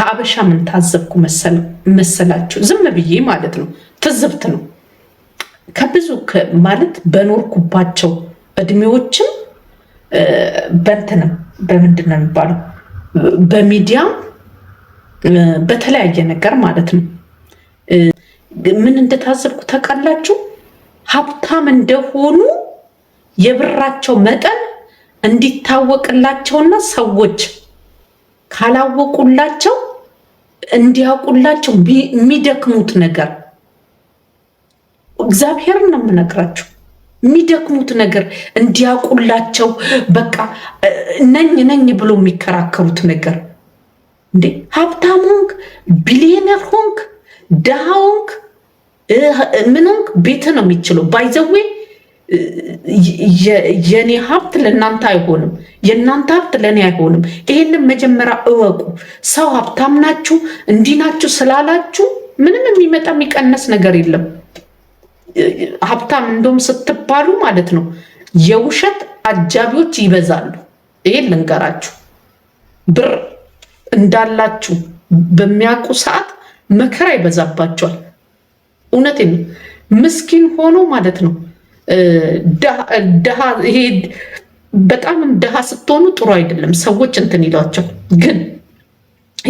ከአበሻ ምን ታዘብኩ መሰላችሁ? ዝም ብዬ ማለት ነው። ትዝብት ነው። ከብዙ ማለት በኖርኩባቸው እድሜዎችም በንትንም በምንድን ነው የሚባለው በሚዲያም በተለያየ ነገር ማለት ነው። ምን እንደታዘብኩ ታውቃላችሁ? ሀብታም እንደሆኑ የብራቸው መጠን እንዲታወቅላቸውና ሰዎች ካላወቁላቸው እንዲያውቁላቸው የሚደክሙት ነገር እግዚአብሔርን ነው የምነግራቸው። የሚደክሙት ነገር እንዲያውቁላቸው በቃ ነኝ ነኝ ብሎ የሚከራከሩት ነገር እንዴ ሀብታም ሆንክ፣ ቢሊዮነር ሆንክ፣ ድሃ ሆንክ፣ ምን ሆንክ፣ ቤት ነው የሚችለው ባይዘዌ የኔ ሀብት ለእናንተ አይሆንም፣ የእናንተ ሀብት ለእኔ አይሆንም። ይሄንን መጀመሪያ እወቁ። ሰው ሀብታም ናችሁ እንዲህ ናችሁ ስላላችሁ ምንም የሚመጣ የሚቀነስ ነገር የለም። ሀብታም እንደውም ስትባሉ ማለት ነው የውሸት አጃቢዎች ይበዛሉ። ይሄን ልንገራችሁ፣ ብር እንዳላችሁ በሚያውቁ ሰዓት መከራ ይበዛባቸዋል። እውነቴን ነው። ምስኪን ሆኖ ማለት ነው ይሄ በጣም ድሃ ስትሆኑ ጥሩ አይደለም። ሰዎች እንትን ይሏቸው፣ ግን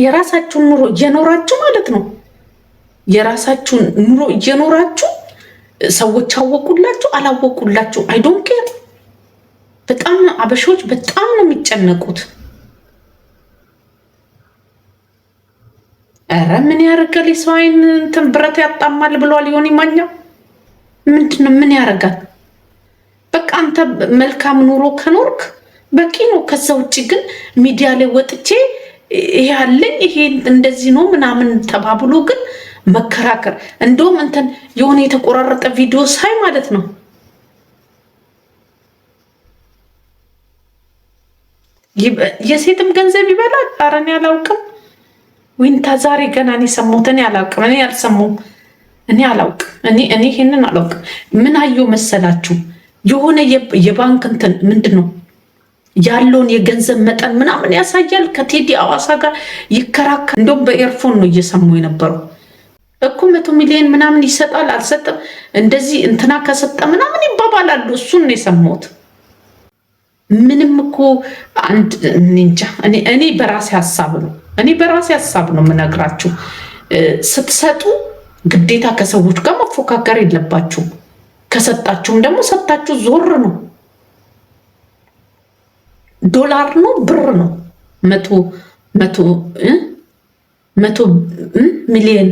የራሳችሁን ኑሮ እየኖራችሁ ማለት ነው። የራሳችሁን ኑሮ እየኖራችሁ ሰዎች አወቁላችሁ አላወቁላችሁ አይዶን ኬር። በጣም አበሾች በጣም ነው የሚጨነቁት። ኧረ ምን ያደርጋል፣ የሰው አይን እንትን ብረት ያጣማል ብሏል ዮኒ ማኛ። ምንድነው ምን ያደርጋል? በቃ አንተ መልካም ኑሮ ከኖርክ በቂ ነው። ከዛ ውጭ ግን ሚዲያ ላይ ወጥቼ ይሄ አለኝ ይሄ እንደዚህ ነው ምናምን ተባብሎ ግን መከራከር እንደውም እንትን የሆነ የተቆራረጠ ቪዲዮ ሳይ ማለት ነው የሴትም ገንዘብ ይበላል። ኧረ እኔ አላውቅም። ዊንታ ዛሬ ገና እኔ ሰማሁት። እኔ አላውቅም። እኔ እኔ አላውቅ እኔ እኔ ይሄንን አላውቅ። ምን አየሁ መሰላችሁ? የሆነ የባንክ እንትን ምንድን ነው ያለውን የገንዘብ መጠን ምናምን ያሳያል። ከቴዲ አዋሳ ጋር ይከራከር። እንደውም በኤርፎን ነው እየሰሙ የነበረው እኮ መቶ ሚሊዮን ምናምን ይሰጣል አልሰጠም፣ እንደዚህ እንትና ከሰጠ ምናምን ይባባላሉ። እሱን ነው የሰማሁት። ምንም እኮ አንድ እንጃ። እኔ በራሴ ሀሳብ ነው እኔ በራሴ ሀሳብ ነው የምነግራችሁ ስትሰጡ ግዴታ ከሰዎች ጋር መፎካከር የለባችሁም። ከሰጣችሁም ደግሞ ሰጣችሁ ዞር ነው። ዶላር ነው ብር ነው መቶ መቶ መቶ ሚሊየን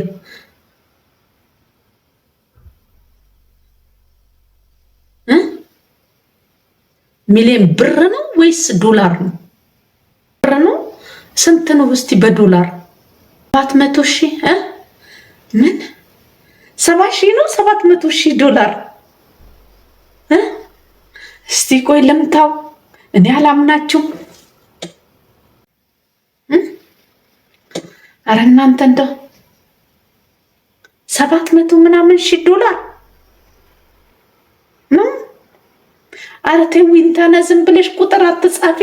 ሚሊየን ብር ነው ወይስ ዶላር ነው? ብር ነው። ስንት ነው እስቲ በዶላር? አራት መቶ ሺህ ምን ሰባ ሺህ ነው ሰባት መቶ ሺህ ዶላር እስቲ ቆይ ልምታው። እኔ አላምናችሁ። አረ እናንተ እንደው ሰባት መቶ ምናምን ሺህ ዶላር ነው። አረ ተው ኢንታና፣ ዝም ብለሽ ቁጥር አትጻፊ።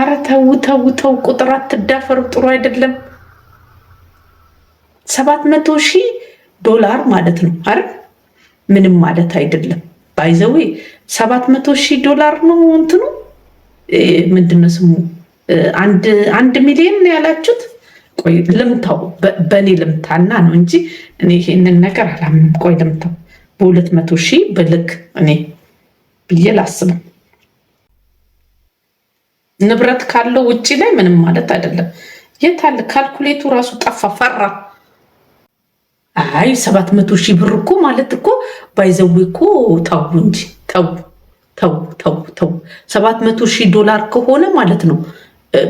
አረ ተው ተው ተው፣ ቁጥር አትዳፈሩ፣ ጥሩ አይደለም። ሰባት መቶ ሺህ ዶላር ማለት ነው አይደል? ምንም ማለት አይደለም። ባይዘዌ ሰባት መቶ ሺህ ዶላር ነው እንትኑ ምንድነው ስሙ? አንድ ሚሊዮን ያላችሁት ቆይ ልምታው፣ በእኔ ልምታና ነው እንጂ እኔ ይሄንን ነገር አላምንም። ቆይ ልምታው በሁለት መቶ ሺህ ብልክ እኔ ብዬ ላስበው። ንብረት ካለው ውጭ ላይ ምንም ማለት አይደለም። አለ ካልኩሌቱ ራሱ ጠፋ፣ ፈራ አይ ሰባት መቶ ሺህ ብር እኮ ማለት እኮ ባይዘዌ እኮ ተው እንጂ ተው ተው ተው ተው። ሰባት መቶ ሺህ ዶላር ከሆነ ማለት ነው።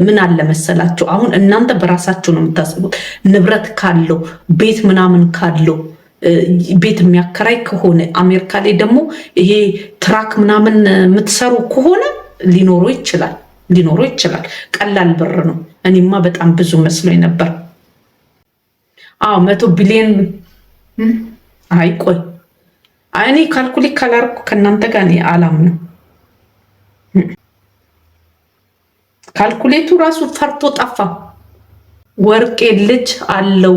ምን አለ መሰላችሁ አሁን እናንተ በራሳቸው ነው የምታስቡት። ንብረት ካለው ቤት ምናምን ካለው ቤት የሚያከራይ ከሆነ አሜሪካ ላይ ደግሞ ይሄ ትራክ ምናምን የምትሰሩ ከሆነ ሊኖረው ይችላል ሊኖረው ይችላል። ቀላል ብር ነው። እኔማ በጣም ብዙ መስሎኝ ነበር። አዎ መቶ ቢሊዮን አይቆይ እኔ ካልኩሌት ካላርኩ ከእናንተ ጋር እኔ አላምንም። ካልኩሌቱ ራሱ ፈርቶ ጠፋ። ወርቄ ልጅ አለው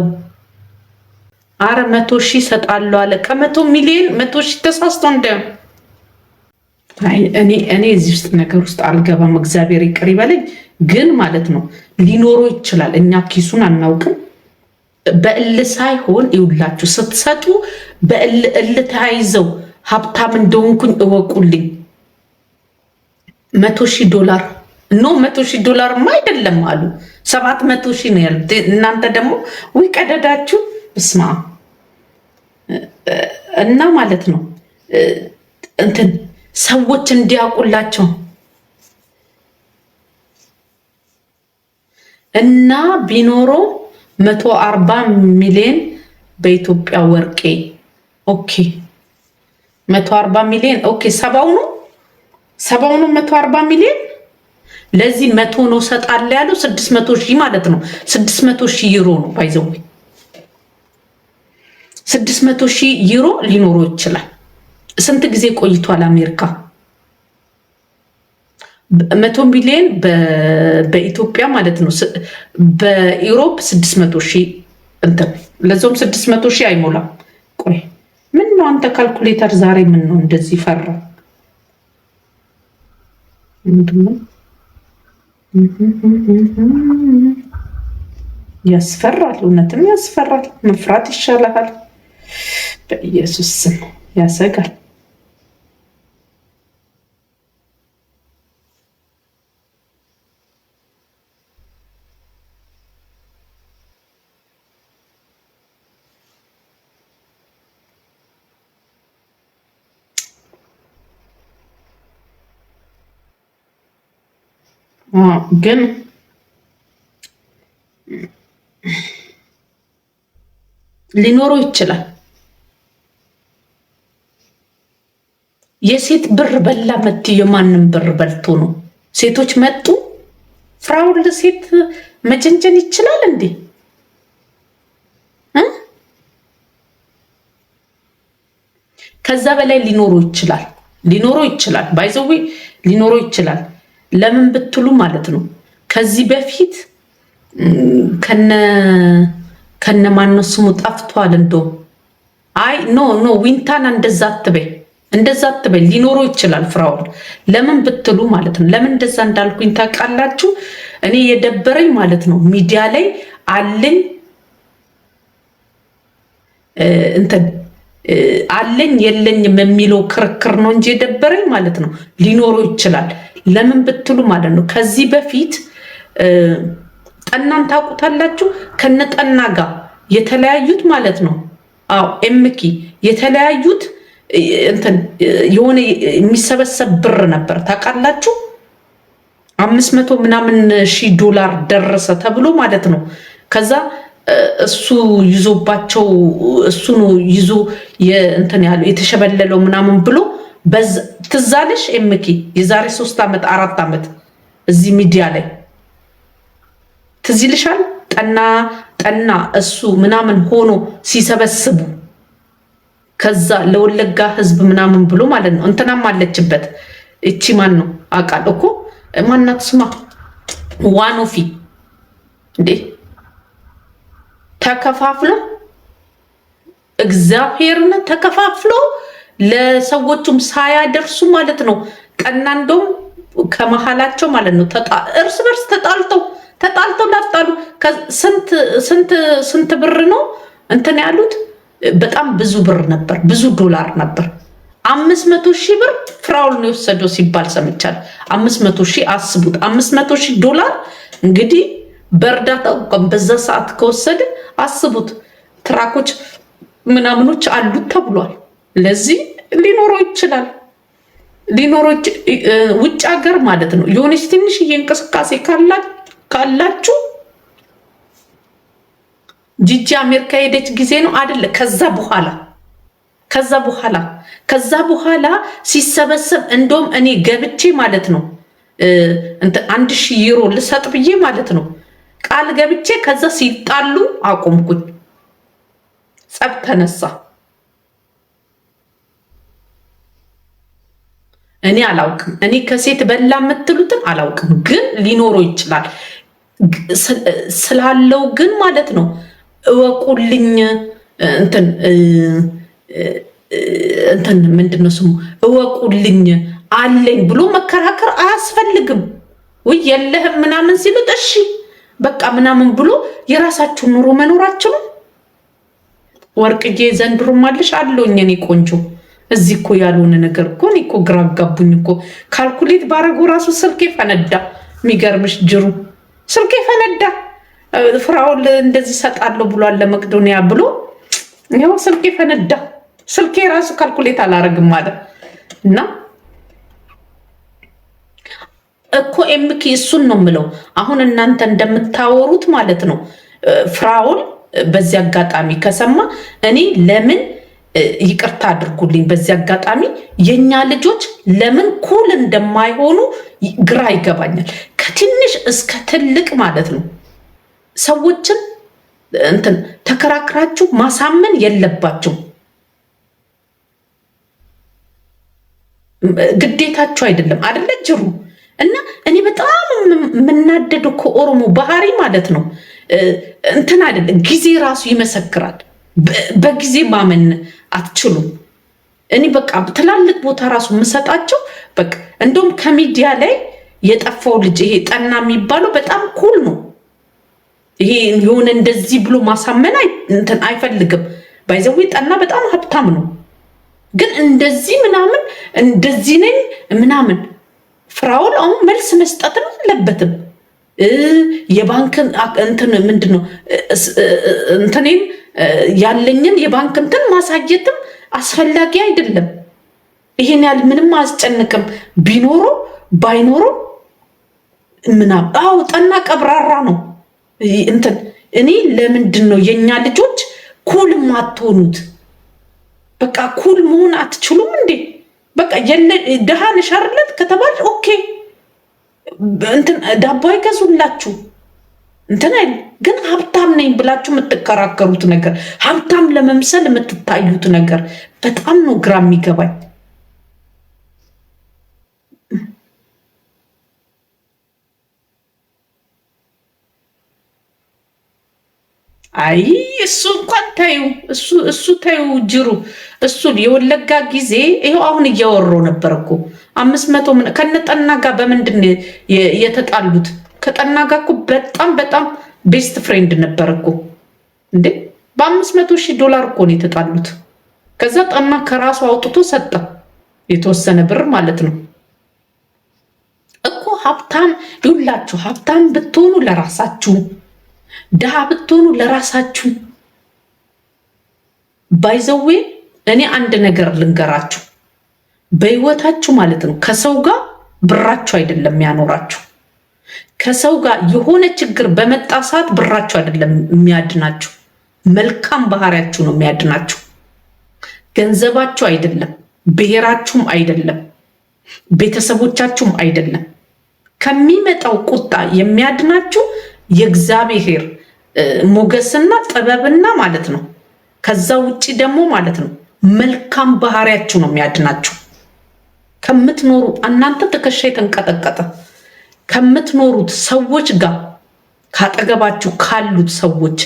አረ መቶ ሺህ ሰጣለሁ አለ። ከመቶ ሚሊዮን መቶ ሺህ ተሳስቶ እንደ እኔ እዚህ ውስጥ ነገር ውስጥ አልገባም። እግዚአብሔር ይቅር ይበለኝ። ግን ማለት ነው ሊኖረው ይችላል። እኛ ኪሱን አናውቅም። በእል ሳይሆን ይውላችሁ ስትሰጡ በእል ተያይዘው ሀብታም እንደሆንኩኝ እወቁልኝ። መቶ ሺህ ዶላር ኖ መቶ ሺህ ዶላርማ አይደለም አሉ። ሰባት መቶ ሺህ ነው ያሉት። እናንተ ደግሞ ዊ ቀደዳችሁ። እስማ እና ማለት ነው እንትን ሰዎች እንዲያውቁላቸው እና ቢኖረው መቶ አርባ ሚሊዮን በኢትዮጵያ ወርቄ። ኦኬ መቶ አርባ ሚሊዮን ኦኬ። ሰባው ነው ሰባው ነው መቶ አርባ ሚሊዮን ለዚህ መቶ ነው ሰጣለ ያለው ስድስት መቶ ሺህ ማለት ነው። ስድስት መቶ ሺህ ዩሮ ነው ባይዘው ስድስት መቶ ሺህ ዩሮ ሊኖረው ይችላል። ስንት ጊዜ ቆይቷል አሜሪካ መቶ ሚሊዮን በኢትዮጵያ ማለት ነው። በኢሮፕ ስድስት መቶ ሺህ እንትን ስድስት መቶ ሺህ አይሞላም። ቆይ ምን ነው አንተ ካልኩሌተር ዛሬ ምን ነው እንደዚህ ፈራ? ያስፈራል፣ እውነትም ያስፈራል። መፍራት ይሻላል። በኢየሱስ ስም ያሰጋል። ግን ሊኖረው ይችላል። የሴት ብር በላ መት የማንም ብር በልቶ ነው። ሴቶች መጡ ፍራውል ሴት መጀንጀን ይችላል እንዴ? ከዛ በላይ ሊኖረው ይችላል። ሊኖረው ይችላል። ባይዘዌ ሊኖረው ይችላል። ለምን ብትሉ ማለት ነው ከዚህ በፊት ከነ ማነው ስሙ ጠፍቷል። እንደው አይ ኖ ኖ ዊንታና እንደዛ አትበይ፣ እንደዛ አትበይ። ሊኖረው ይችላል ፍራውል። ለምን ብትሉ ማለት ነው ለምን እንደዛ እንዳልኩኝ ታውቃላችሁ? እኔ የደበረኝ ማለት ነው ሚዲያ ላይ አለኝ እንትን አለኝ የለኝም የሚለው ክርክር ነው እንጂ የደበረኝ ማለት ነው። ሊኖረው ይችላል። ለምን ብትሉ ማለት ነው ከዚህ በፊት ጠናን ታውቁታላችሁ። ከነ ጠና ጋር የተለያዩት ማለት ነው። አዎ ኤምኪ የተለያዩት እንትን የሆነ የሚሰበሰብ ብር ነበር ታውቃላችሁ። አምስት መቶ ምናምን ሺህ ዶላር ደረሰ ተብሎ ማለት ነው ከዛ እሱ ይዞባቸው እሱ ይዞ እንትን ያሉ የተሸበለለው ምናምን ብሎ ትዛለሽ አለሽ ኤምኬ የዛሬ ሶስት ዓመት አራት ዓመት እዚህ ሚዲያ ላይ ትዝ ይልሻል? ጠና ጠና እሱ ምናምን ሆኖ ሲሰበስቡ ከዛ ለወለጋ ህዝብ ምናምን ብሎ ማለት ነው። እንትናም አለችበት እቺ ማን ነው አቃል እኮ ማናት ስማ ዋኖፊ እንዴ ተከፋፍሎ እግዚአብሔርን ተከፋፍሎ ለሰዎቹም ሳያደርሱ ማለት ነው። ቀና እንደውም ከመሀላቸው ማለት ነው እርስ በርስ ተጣልተው ተጣልተው ላጣሉ ስንት ብር ነው እንትን ያሉት? በጣም ብዙ ብር ነበር፣ ብዙ ዶላር ነበር። አምስት መቶ ሺህ ብር ፍራውል ነው የወሰደው ሲባል ሰምቻለሁ። አምስት መቶ ሺህ አስቡት፣ አምስት መቶ ሺህ ዶላር እንግዲህ በእርዳታ በዛ ሰዓት ከወሰደ አስቡት፣ ትራኮች ምናምኖች አሉት ተብሏል። ለዚህ ሊኖረው ይችላል ሊኖሮች ውጭ ሀገር ማለት ነው። የሆነች ትንሽዬ እንቅስቃሴ ካላችሁ ጂጂ አሜሪካ ሄደች ጊዜ ነው አደለ? ከዛ በኋላ ከዛ በኋላ ከዛ በኋላ ሲሰበሰብ እንደውም እኔ ገብቼ ማለት ነው አንድ ሺህ ዩሮ ልሰጥ ብዬ ማለት ነው ቃል ገብቼ ከዛ ሲጣሉ አቆምኩኝ። ጸብ ተነሳ። እኔ አላውቅም። እኔ ከሴት በላ የምትሉትን አላውቅም፣ ግን ሊኖረው ይችላል ስላለው ግን ማለት ነው እወቁልኝ። እንትን እንትን ምንድን ነው ስሙ እወቁልኝ አለኝ ብሎ መከራከር አያስፈልግም። ውይ የለህም ምናምን ሲሉት እሺ በቃ ምናምን ብሎ የራሳችሁን ኑሮ መኖራችሁ ነው። ወርቅዬ ዘንድሮም አለሽ አለኝ። እኔ ቆንጆ እዚህ እኮ ያልሆነ ነገር እኮ እኔ እኮ ግራ አጋቡኝ እኮ ካልኩሌት ባረጉ ራሱ ስልኬ ፈነዳ። የሚገርምሽ ጅሩ ስልኬ ፈነዳ። ፍራውል እንደዚህ ሰጣለሁ ብሏል ለመቅዶኒያ ብሎ ይኸው ስልኬ ፈነዳ። ስልኬ ራሱ ካልኩሌት አላረግም አለ እና እኮ ኤምኪ እሱን ነው የምለው። አሁን እናንተ እንደምታወሩት ማለት ነው። ፍራውን በዚህ አጋጣሚ ከሰማ እኔ ለምን ይቅርታ አድርጉልኝ። በዚህ አጋጣሚ የእኛ ልጆች ለምን ኩል እንደማይሆኑ ግራ ይገባኛል። ከትንሽ እስከ ትልቅ ማለት ነው። ሰዎችን እንትን ተከራክራችሁ ማሳመን የለባችሁ ግዴታችሁ አይደለም። አይደለ ጅሩ እና እኔ በጣም የምናደድ እኮ ኦሮሞ ባህሪ ማለት ነው እንትን አይደለ፣ ጊዜ ራሱ ይመሰክራል። በጊዜ ማመን አትችሉም። እኔ በቃ ትላልቅ ቦታ ራሱ የምሰጣቸው በቃ እንደውም ከሚዲያ ላይ የጠፋው ልጅ ይሄ ጠና የሚባለው በጣም ኩል ነው። ይሄ የሆነ እንደዚህ ብሎ ማሳመን እንትን አይፈልግም። ባይዘዊ ጠና በጣም ሀብታም ነው፣ ግን እንደዚህ ምናምን እንደዚህ ነኝ ምናምን ፍራውን አሁን መልስ መስጠትም አለበትም። የባንክን እንትን ምንድን ነው እንትኔን ያለኝን የባንክ እንትን ማሳየትም አስፈላጊ አይደለም። ይሄን ያህል ምንም አያስጨንቅም። ቢኖሩ ባይኖሩ ምናምን አው ጠና ቀብራራ ነው እንትን እኔ ለምንድን ነው የእኛ ልጆች ኩል ማትሆኑት? በቃ ኩል መሆን አትችሉም እንዴ? በቃ ድሃን ሻርለት ከተባለ ኦኬ ዳቦ አይገዙላችሁ እንትን ግን ሀብታም ነኝ ብላችሁ የምትከራከሩት ነገር ሀብታም ለመምሰል የምትታዩት ነገር በጣም ነው ግራ የሚገባኝ። አይ እሱ እንኳን ታዩ እሱ ታዩ ጅሩ እሱ የወለጋ ጊዜ ይኸው አሁን እያወሮ ነበር እኮ አምስት መቶ ከነ ጠና ጋር በምንድን የተጣሉት? ከጠና ጋር እኮ በጣም በጣም ቤስት ፍሬንድ ነበር እኮ እንዴ! በአምስት መቶ ሺህ ዶላር እኮ ነው የተጣሉት። ከዛ ጠና ከራሱ አውጥቶ ሰጠ፣ የተወሰነ ብር ማለት ነው እኮ ሀብታም ይውላችሁ፣ ሀብታም ብትሆኑ ለራሳችሁ ድሃ ብትሆኑ ለራሳችሁ ባይዘዌ እኔ አንድ ነገር ልንገራችሁ፣ በህይወታችሁ ማለት ነው ከሰው ጋር ብራችሁ አይደለም ያኖራችሁ። ከሰው ጋር የሆነ ችግር በመጣ ሰዓት ብራችሁ አይደለም የሚያድናችሁ፣ መልካም ባህሪያችሁ ነው የሚያድናችሁ። ገንዘባችሁ አይደለም፣ ብሔራችሁም አይደለም፣ ቤተሰቦቻችሁም አይደለም። ከሚመጣው ቁጣ የሚያድናችሁ የእግዚአብሔር ሞገስና ጥበብና ማለት ነው። ከዛ ውጭ ደግሞ ማለት ነው መልካም ባህሪያችሁ ነው የሚያድናችሁ ከምትኖሩ እናንተ ትከሻ የተንቀጠቀጠ ከምትኖሩት ሰዎች ጋር ካጠገባችሁ ካሉት ሰዎች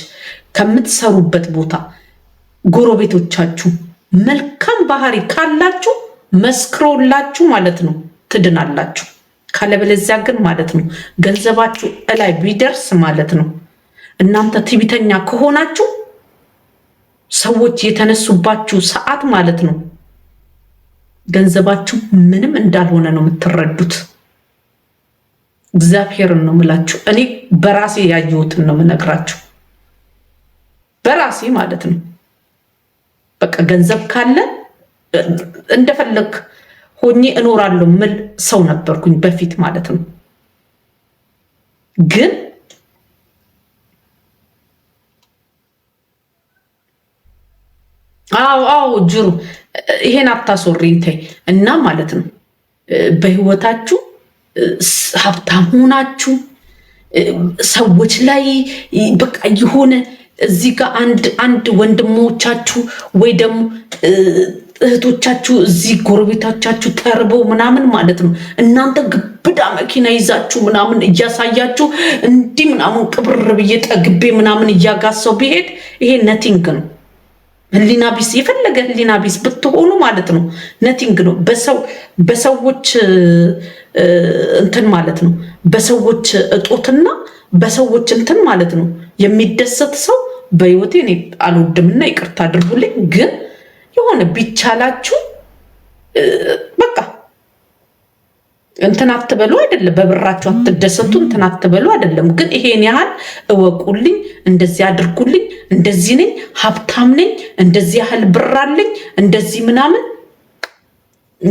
ከምትሰሩበት ቦታ ጎረቤቶቻችሁ መልካም ባህሪ ካላችሁ መስክሮላችሁ ማለት ነው ትድናላችሁ። ካለበለዚያ ግን ማለት ነው ገንዘባችሁ እላይ ቢደርስ ማለት ነው እናንተ ትዕቢተኛ ከሆናችሁ ሰዎች የተነሱባችሁ ሰዓት ማለት ነው ገንዘባችሁ ምንም እንዳልሆነ ነው የምትረዱት። እግዚአብሔርን ነው የምላችሁ። እኔ በራሴ ያየሁትን ነው የምነግራችሁ፣ በራሴ ማለት ነው። በቃ ገንዘብ ካለ እንደፈለግ ሆኜ እኖራለሁ ምል ሰው ነበርኩኝ በፊት ማለት ነው ግን አዎ አዎ ጅሩ ይሄን አታስወሪኝ ተይ። እና ማለት ነው በህይወታችሁ ሀብታም ሆናችሁ ሰዎች ላይ በቃ የሆነ እዚህ ጋር አንድ አንድ ወንድሞቻችሁ ወይ ደግሞ እህቶቻችሁ እዚህ ጎረቤቶቻችሁ ተርበው ምናምን ማለት ነው እናንተ ግብዳ መኪና ይዛችሁ ምናምን እያሳያችሁ እንዲህ ምናምን ቅብር ብዬ ጠግቤ ምናምን እያጋሰው ቢሄድ ይሄ ነቲንግ ነው። ህሊና ቢስ የፈለገ ህሊና ቢስ ብትሆኑ ማለት ነው ነቲንግ ነው። በሰዎች እንትን ማለት ነው በሰዎች እጦትና በሰዎች እንትን ማለት ነው የሚደሰት ሰው በህይወቴ እኔ አልወድምና ይቅርታ አድርጉልኝ። ግን የሆነ ቢቻላችሁ በቃ እንትን አትበሉ አይደለም፣ በብራችሁ አትደሰቱ፣ እንትን አትበሉ አይደለም። ግን ይሄን ያህል እወቁልኝ፣ እንደዚህ አድርጉልኝ፣ እንደዚህ ነኝ፣ ሀብታም ነኝ፣ እንደዚህ ያህል ብር አለኝ፣ እንደዚህ ምናምን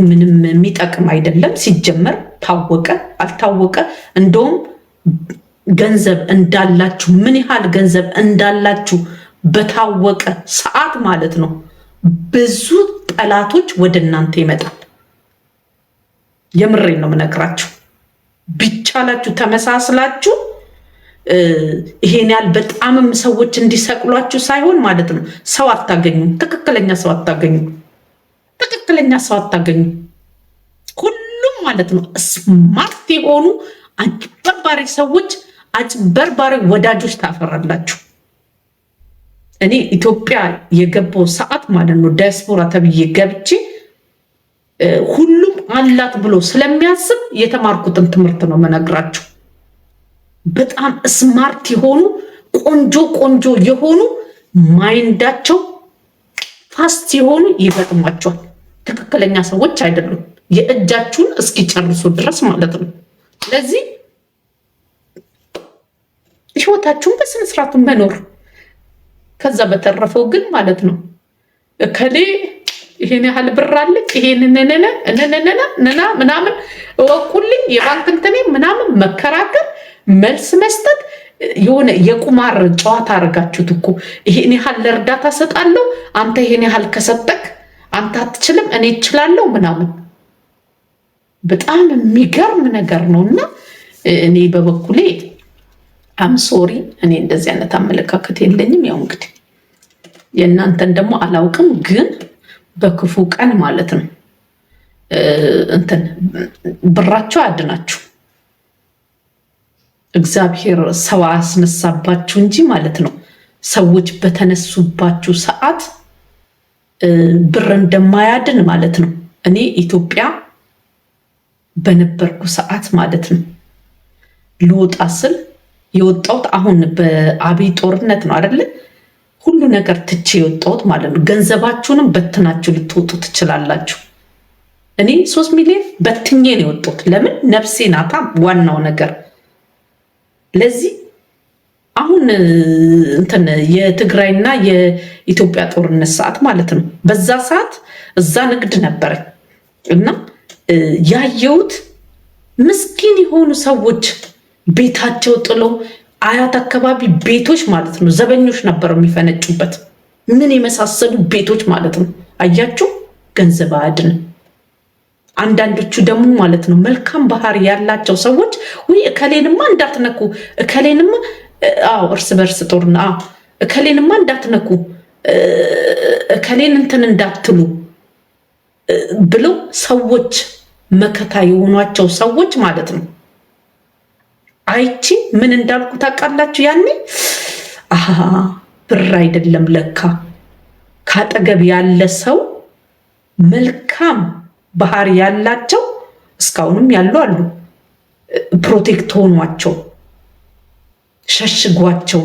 ምንም የሚጠቅም አይደለም። ሲጀመር ታወቀ አልታወቀ፣ እንደውም ገንዘብ እንዳላችሁ ምን ያህል ገንዘብ እንዳላችሁ በታወቀ ሰዓት ማለት ነው ብዙ ጠላቶች ወደ እናንተ ይመጣል። የምሬን ነው የምነግራችሁ። ቢቻላችሁ ተመሳስላችሁ ይሄን ያህል በጣምም ሰዎች እንዲሰቅሏችሁ ሳይሆን ማለት ነው ሰው አታገኙም። ትክክለኛ ሰው አታገኙም። ትክክለኛ ሰው አታገኙም። ሁሉም ማለት ነው ስማርት የሆኑ አጭበርባሪ ሰዎች፣ አጭበርባሪ ወዳጆች ታፈራላችሁ። እኔ ኢትዮጵያ የገባው ሰዓት ማለት ነው ዲያስፖራ ተብዬ ገብቼ ሁሉ አላት ብሎ ስለሚያስብ የተማርኩትን ትምህርት ነው መነግራችሁ። በጣም ስማርት የሆኑ ቆንጆ ቆንጆ የሆኑ ማይንዳቸው ፋስት የሆኑ ይገጥማቸዋል። ትክክለኛ ሰዎች አይደሉም። የእጃችሁን እስኪጨርሱ ድረስ ማለት ነው። ስለዚህ ህይወታችሁን በስነስርዓቱ መኖር ከዛ በተረፈው ግን ማለት ነው እከሌ ይሄን ያህል ብር አለቅ ይሄንንንንንንንና ምናምን እወቁልኝ የባንክ እንትኔ ምናምን መከራከር፣ መልስ መስጠት የሆነ የቁማር ጨዋታ አድርጋችሁት እኮ ይሄን ያህል ለእርዳታ ሰጣለሁ፣ አንተ ይሄን ያህል ከሰጠክ አንተ አትችልም፣ እኔ እችላለሁ ምናምን። በጣም የሚገርም ነገር ነው። እና እኔ በበኩሌ አምሶሪ እኔ እንደዚህ አይነት አመለካከት የለኝም። ያው እንግዲህ የእናንተን ደግሞ አላውቅም ግን በክፉ ቀን ማለት ነው እንትን ብራቸው አድናችሁ እግዚአብሔር ሰው አስነሳባችሁ እንጂ ማለት ነው። ሰዎች በተነሱባችሁ ሰዓት ብር እንደማያድን ማለት ነው። እኔ ኢትዮጵያ በነበርኩ ሰዓት ማለት ነው ልወጣ ስል የወጣሁት አሁን በአብይ ጦርነት ነው አይደለ? ሁሉ ነገር ትቼ የወጣሁት ማለት ነው። ገንዘባችሁንም በትናችሁ ልትወጡ ትችላላችሁ። እኔ ሶስት ሚሊዮን በትኜ ነው የወጡት። ለምን ነፍሴ ናታ ዋናው ነገር። ለዚህ አሁን እንትን የትግራይና የኢትዮጵያ ጦርነት ሰዓት ማለት ነው። በዛ ሰዓት እዛ ንግድ ነበረኝ እና ያየሁት ምስኪን የሆኑ ሰዎች ቤታቸው ጥለው አያት አካባቢ ቤቶች ማለት ነው ዘበኞች ነበረው የሚፈነጩበት። ምን የመሳሰሉ ቤቶች ማለት ነው። አያችሁ፣ ገንዘብ አድን አንዳንዶቹ ደግሞ ማለት ነው መልካም ባህሪ ያላቸው ሰዎች ወይ እከሌንማ እንዳትነኩ፣ እከሌንማ አዎ፣ እርስ በርስ ጦርና እከሌንማ እንዳትነኩ፣ እከሌን እንትን እንዳትሉ ብለው ሰዎች መከታ የሆኗቸው ሰዎች ማለት ነው አይቺ ምን እንዳልኩ ታውቃላችሁ? ያኔ አሃ ብር አይደለም ለካ ካጠገብ ያለ ሰው መልካም ባህሪ ያላቸው እስካሁንም ያሉ አሉ። ፕሮቴክት ሆኗቸው ሸሽጓቸው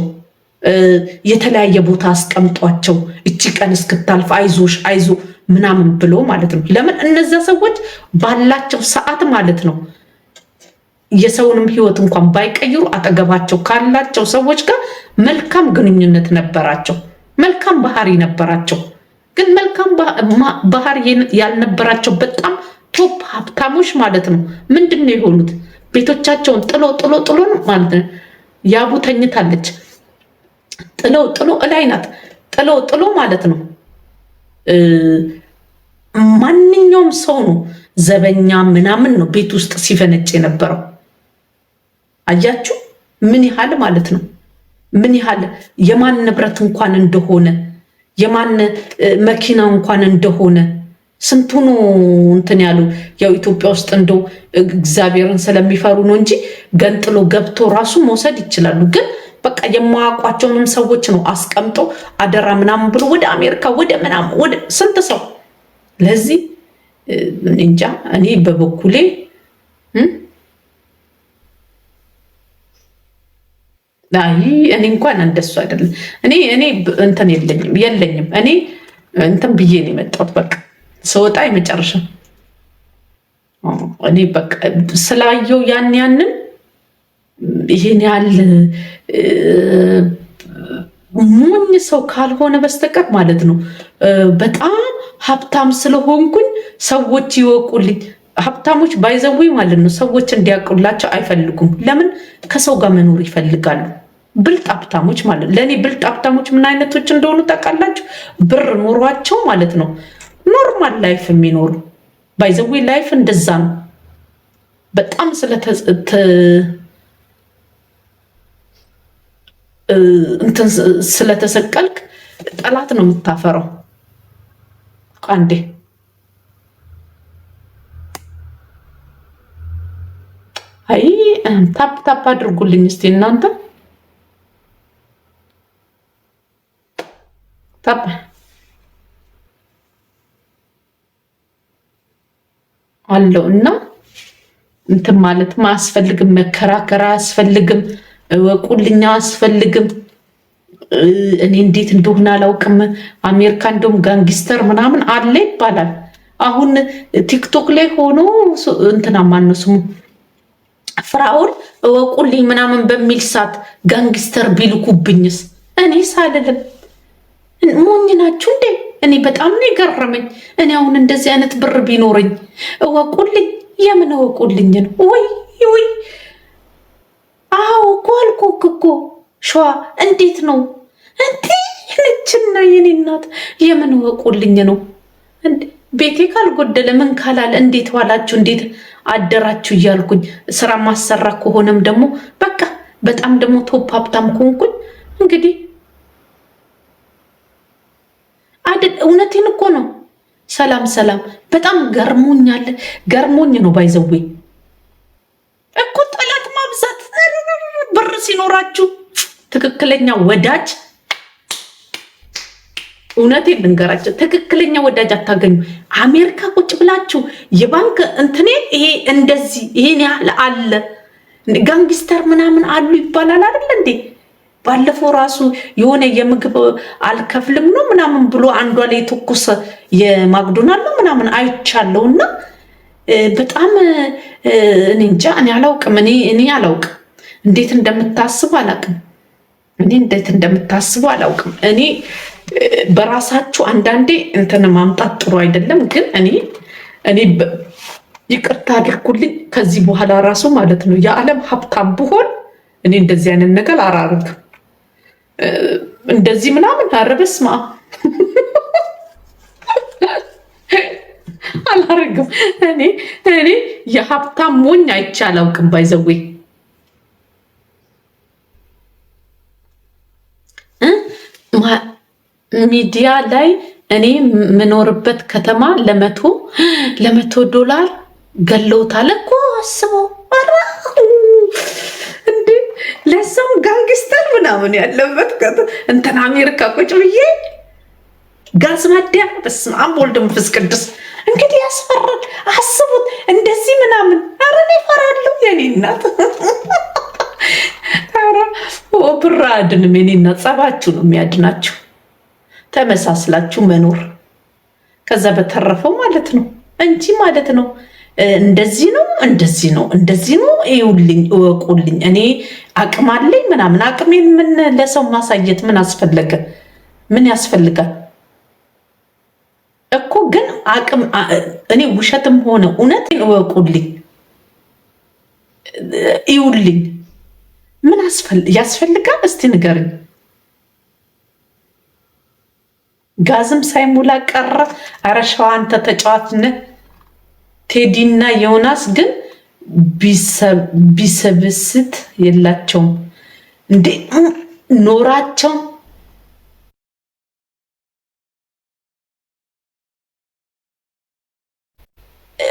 የተለያየ ቦታ አስቀምጧቸው እቺ ቀን እስክታልፍ አይዞሽ አይዞ ምናምን ብሎ ማለት ነው። ለምን እነዚያ ሰዎች ባላቸው ሰዓት ማለት ነው የሰውንም ህይወት እንኳን ባይቀይሩ አጠገባቸው ካላቸው ሰዎች ጋር መልካም ግንኙነት ነበራቸው፣ መልካም ባህሪ ነበራቸው። ግን መልካም ባህሪ ያልነበራቸው በጣም ቶፕ ሀብታሞች ማለት ነው። ምንድን ነው የሆኑት? ቤቶቻቸውን ጥሎ ጥሎ ጥሎ ማለት ነው። ያቡ ተኝታለች። ጥሎ ጥሎ እላይ ናት። ጥሎ ጥሎ ማለት ነው። ማንኛውም ሰው ነው ዘበኛ ምናምን ነው ቤት ውስጥ ሲፈነጭ የነበረው። አያችሁ ምን ያህል ማለት ነው ምን ያህል የማን ንብረት እንኳን እንደሆነ የማን መኪና እንኳን እንደሆነ ስንቱኑ እንትን ያሉ ያው ኢትዮጵያ ውስጥ እንዶ እግዚአብሔርን ስለሚፈሩ ነው እንጂ ገንጥሎ ገብቶ ራሱ መውሰድ ይችላሉ። ግን በቃ የማያውቋቸውንም ሰዎች ነው አስቀምጦ አደራ ምናምን ብሎ ወደ አሜሪካ ወደ ምናምን ወደ ስንት ሰው ለዚህ እንጃ እኔ በበኩሌ እኔ እንኳን እንደሱ አይደለም። እኔ እኔ እንትን የለኝም የለኝም እኔ እንትን ብዬ ነው የመጣሁት። በቃ ስወጣ የመጨረሻ እኔ በቃ ስላየው ያን ያንን ይሄን ያህል ሞኝ ሰው ካልሆነ በስተቀር ማለት ነው በጣም ሀብታም ስለሆንኩኝ ሰዎች ይወቁልኝ ሀብታሞች ባይዘዊ ማለት ነው ሰዎች እንዲያውቁላቸው አይፈልጉም። ለምን ከሰው ጋር መኖር ይፈልጋሉ። ብልጥ ሀብታሞች ማለት ለእኔ ብልጥ ሀብታሞች ምን አይነቶች እንደሆኑ ታውቃላችሁ? ብር ኖሯቸው ማለት ነው ኖርማል ላይፍ የሚኖሩ ባይዘዊ ላይፍ እንደዛ ነው። በጣም ስለተሰቀልክ ጠላት ነው የምታፈረው። አንዴ ታፕ ታፕ አድርጉልኝ እስቲ እናንተ ታፕ አለው እና እንትን ማለትም አያስፈልግም፣ መከራከር አያስፈልግም፣ እወቁልኛ አያስፈልግም። እኔ እንዴት እንደሆነ አላውቅም። አሜሪካ እንደውም ጋንግስተር ምናምን አለ ይባላል። አሁን ቲክቶክ ላይ ሆኖ እንትና ማነው ስሙ ፍራኦል እወቁልኝ ምናምን በሚል ሰዓት ጋንግስተር ቢልኩብኝስ እኔ ሳልልም ሞኝ ናችሁ እንዴ? እኔ በጣም ነው የገረመኝ። እኔ አሁን እንደዚህ አይነት ብር ቢኖረኝ እወቁልኝ፣ የምን እወቁልኝ ነው ወይ ወይ? አዎ እኮ አልኩህ እኮ ሸዋ እንዴት ነው እንዴ? ነችና የኔ እናት የምን እወቁልኝ ነው እንዴ? ቤቴ ካልጎደለ ምን ካላለ እንዴት ዋላችሁ እንዴት አደራችሁ እያልኩኝ ስራ ማሰራ ከሆነም ደግሞ በቃ በጣም ደግሞ ቶፕ ሀብታም ከሆንኩኝ እንግዲህ እውነቴን እኮ ነው። ሰላም ሰላም፣ በጣም ገርሞኛል። ገርሞኝ ነው ባይዘዌ እኮ ጠላት ማብዛት ብር ሲኖራችሁ ትክክለኛ ወዳጅ እውነት ልንገራቸው፣ ትክክለኛ ወዳጅ አታገኙ። አሜሪካ ቁጭ ብላችሁ የባንክ እንትኔ ይሄ እንደዚህ ይሄን ያህል አለ ጋንግስተር ምናምን አሉ ይባላል አይደል እንዴ? ባለፈው ራሱ የሆነ የምግብ አልከፍልም ነው ምናምን ብሎ አንዷ ላይ የተኮሰ የማግዶናል ነው ምናምን አይቻለው እና በጣም እኔ እንጃ እኔ አላውቅም። እኔ አላውቅም እንዴት እንደምታስቡ አላውቅም። እኔ እንዴት እንደምታስቡ አላውቅም እኔ በራሳችሁ አንዳንዴ እንትን ማምጣት ጥሩ አይደለም። ግን እኔ እኔ ይቅርታ አድርጉልኝ ከዚህ በኋላ ራሱ ማለት ነው የዓለም ሀብታም ብሆን እኔ እንደዚህ አይነት ነገር አላረግም። እንደዚህ ምናምን አረበስ ማ አላርግም። እኔ እኔ የሀብታም ሞኝ አይቼ አላውቅም ባይዘዌ ሚዲያ ላይ እኔ የምኖርበት ከተማ ለመቶ ለመቶ ዶላር ገለውታል እኮ አስቦ እንዴ! ለሰው ጋንግስተር ምናምን ያለበት እንትን አሜሪካ ቁጭ ብዬ ጋዝ ማዲያ በስመ አብ ወልድ መንፈስ ቅዱስ እንግዲህ ያስፈራል። አስቡት እንደዚህ ምናምን። ኧረ እኔ እፈራለሁ የኔ እናት። ኧረ ብር አያድንም የኔ እናት፣ ጸባችሁ ነው የሚያድናችሁ። ተመሳስላችሁ መኖር ከዛ በተረፈው ማለት ነው እንጂ ማለት ነው እንደዚህ ነው እንደዚህ ነው እንደዚህ ነው ይውልኝ እወቁልኝ፣ እኔ አቅም አለኝ ምናምን አቅሜን ምን ለሰው ማሳየት ምን አስፈለገ? ምን ያስፈልጋል እኮ ግን አቅም እኔ ውሸትም ሆነ እውነት እወቁልኝ፣ ይውልኝ ምን ያስፈልጋል? እስቲ ንገርኝ። ጋዝም ሳይሞላ ቀረ። ኧረ ሸዋ አንተ ተጫዋች ነህ። ቴዲና ዮናስ ግን ቢሰብስት የላቸውም እንዴ ኖራቸው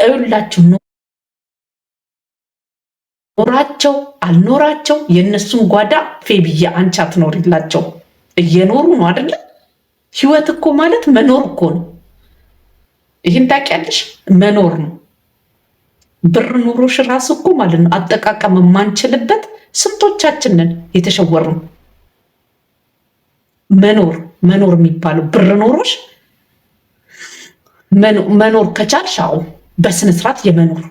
እውላችሁ ኖራቸው አልኖራቸው የእነሱን ጓዳ ፌብያ አንቺ አትኖሪላቸው። እየኖሩ ነው አይደለም ህይወት እኮ ማለት መኖር እኮ ነው። ይህን ታውቂያለሽ? መኖር ነው። ብር ኑሮሽ ራሱ እኮ ማለት ነው አጠቃቀም የማንችልበት ስንቶቻችንን የተሸወርነው። መኖር መኖር የሚባለው ብር ኖሮሽ መኖር ከቻልሽ፣ አዎ በስነስርዓት የመኖር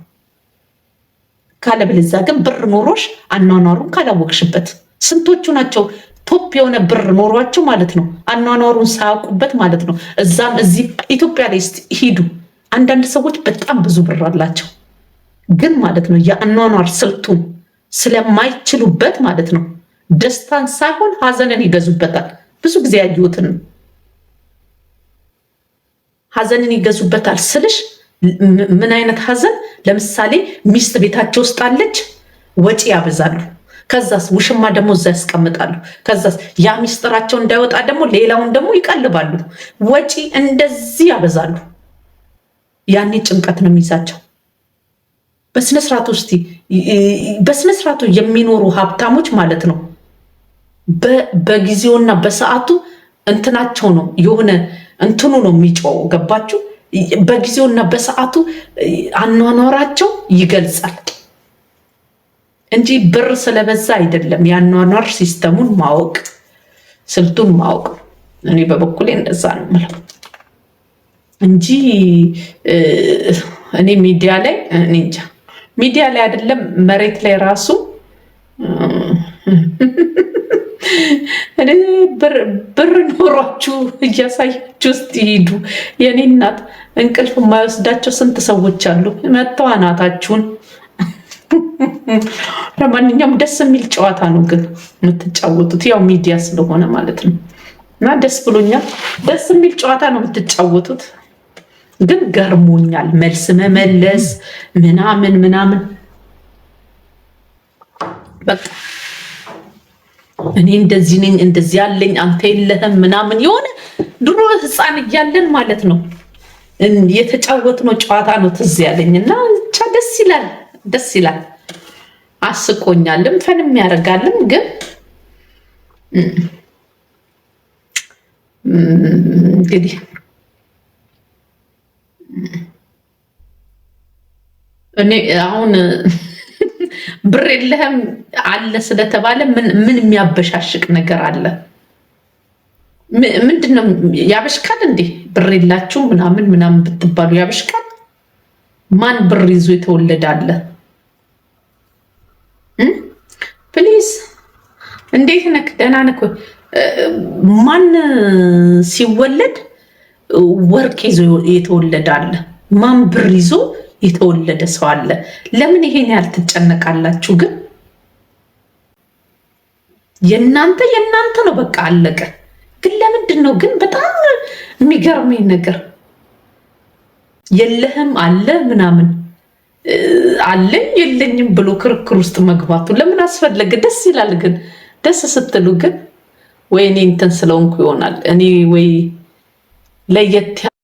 ካለብልዛ ግን ብር ኖሮሽ አኗኗሩን ካላወቅሽበት ስንቶቹ ናቸው ቶፕ የሆነ ብር ኖሯቸው ማለት ነው። አኗኗሩን ሳያውቁበት ማለት ነው። እዛም እዚህ ኢትዮጵያ ላይ ሂዱ። አንዳንድ ሰዎች በጣም ብዙ ብር አላቸው፣ ግን ማለት ነው የአኗኗር ስልቱን ስለማይችሉበት ማለት ነው ደስታን ሳይሆን ሀዘንን ይገዙበታል። ብዙ ጊዜ ያየሁትን ነው። ሀዘንን ይገዙበታል ስልሽ ምን አይነት ሀዘን? ለምሳሌ ሚስት ቤታቸው ውስጥ አለች፣ ወጪ ያበዛሉ ከዛስ ውሽማ ደግሞ እዛ ያስቀምጣሉ። ከዛስ ያ ሚስጥራቸው እንዳይወጣ ደግሞ ሌላውን ደግሞ ይቀልባሉ፣ ወጪ እንደዚህ ያበዛሉ። ያኔ ጭንቀት ነው የሚይዛቸው። በስነስርዓቱ ውስጥ በስነስርዓቱ የሚኖሩ ሀብታሞች ማለት ነው። በጊዜውና በሰዓቱ እንትናቸው ነው የሆነ እንትኑ ነው የሚጮው። ገባችሁ? በጊዜውና በሰዓቱ አኗኗራቸው ይገልጻል። እንጂ ብር ስለበዛ አይደለም። የአኗኗር ሲስተሙን ማወቅ ስልቱን ማወቅ እኔ በበኩሌ እንደዛ ነው ምለው እንጂ እኔ ሚዲያ ላይ እንጃ ሚዲያ ላይ አይደለም መሬት ላይ ራሱ ብር ኖሯችሁ እያሳያችሁ ውስጥ ይሄዱ። የኔ እናት እንቅልፍ የማይወስዳቸው ስንት ሰዎች አሉ መጥተው አናታችሁን ለማንኛውም ደስ የሚል ጨዋታ ነው ግን የምትጫወቱት ያው ሚዲያ ስለሆነ ማለት ነው። እና ደስ ብሎኛል። ደስ የሚል ጨዋታ ነው የምትጫወቱት፣ ግን ገርሞኛል። መልስ መመለስ ምናምን ምናምን በቃ እኔ እንደዚህ ነኝ እንደዚህ ያለኝ አንተ የለህም ምናምን የሆነ ድሮ ህፃን እያለን ማለት ነው የተጫወትነው ጨዋታ ነው ትዝ ያለኝ እና ብቻ ደስ ይላል። ደስ ይላል። አስቆኛልም ፈንም ያደርጋልም። ግን እንግዲህ እኔ አሁን ብር የለህም አለ ስለተባለ ምን የሚያበሻሽቅ ነገር አለ? ምንድን ነው እንዴ? ብር የላችሁ ምናምን ምናምን ብትባሉ ያበሽቃል? ማን ብር ይዞ የተወለደ አለ? ፕሊዝ እንዴት ነክ? ደህና ነክ? ማን ሲወለድ ወርቅ ይዞ የተወለደ አለ? ማን ብር ይዞ የተወለደ ሰው አለ? ለምን ይሄን ያህል ትጨነቃላችሁ? ግን የእናንተ የእናንተ ነው፣ በቃ አለቀ። ግን ለምንድን ነው ግን በጣም የሚገርመኝ ነገር የለህም አለ ምናምን አለኝ የለኝም ብሎ ክርክር ውስጥ መግባቱ ለምን አስፈለገ? ደስ ይላል ግን ደስ ስትሉ ግን ወይ እኔ እንትን ስለሆንኩ ይሆናል እኔ ወይ ለየት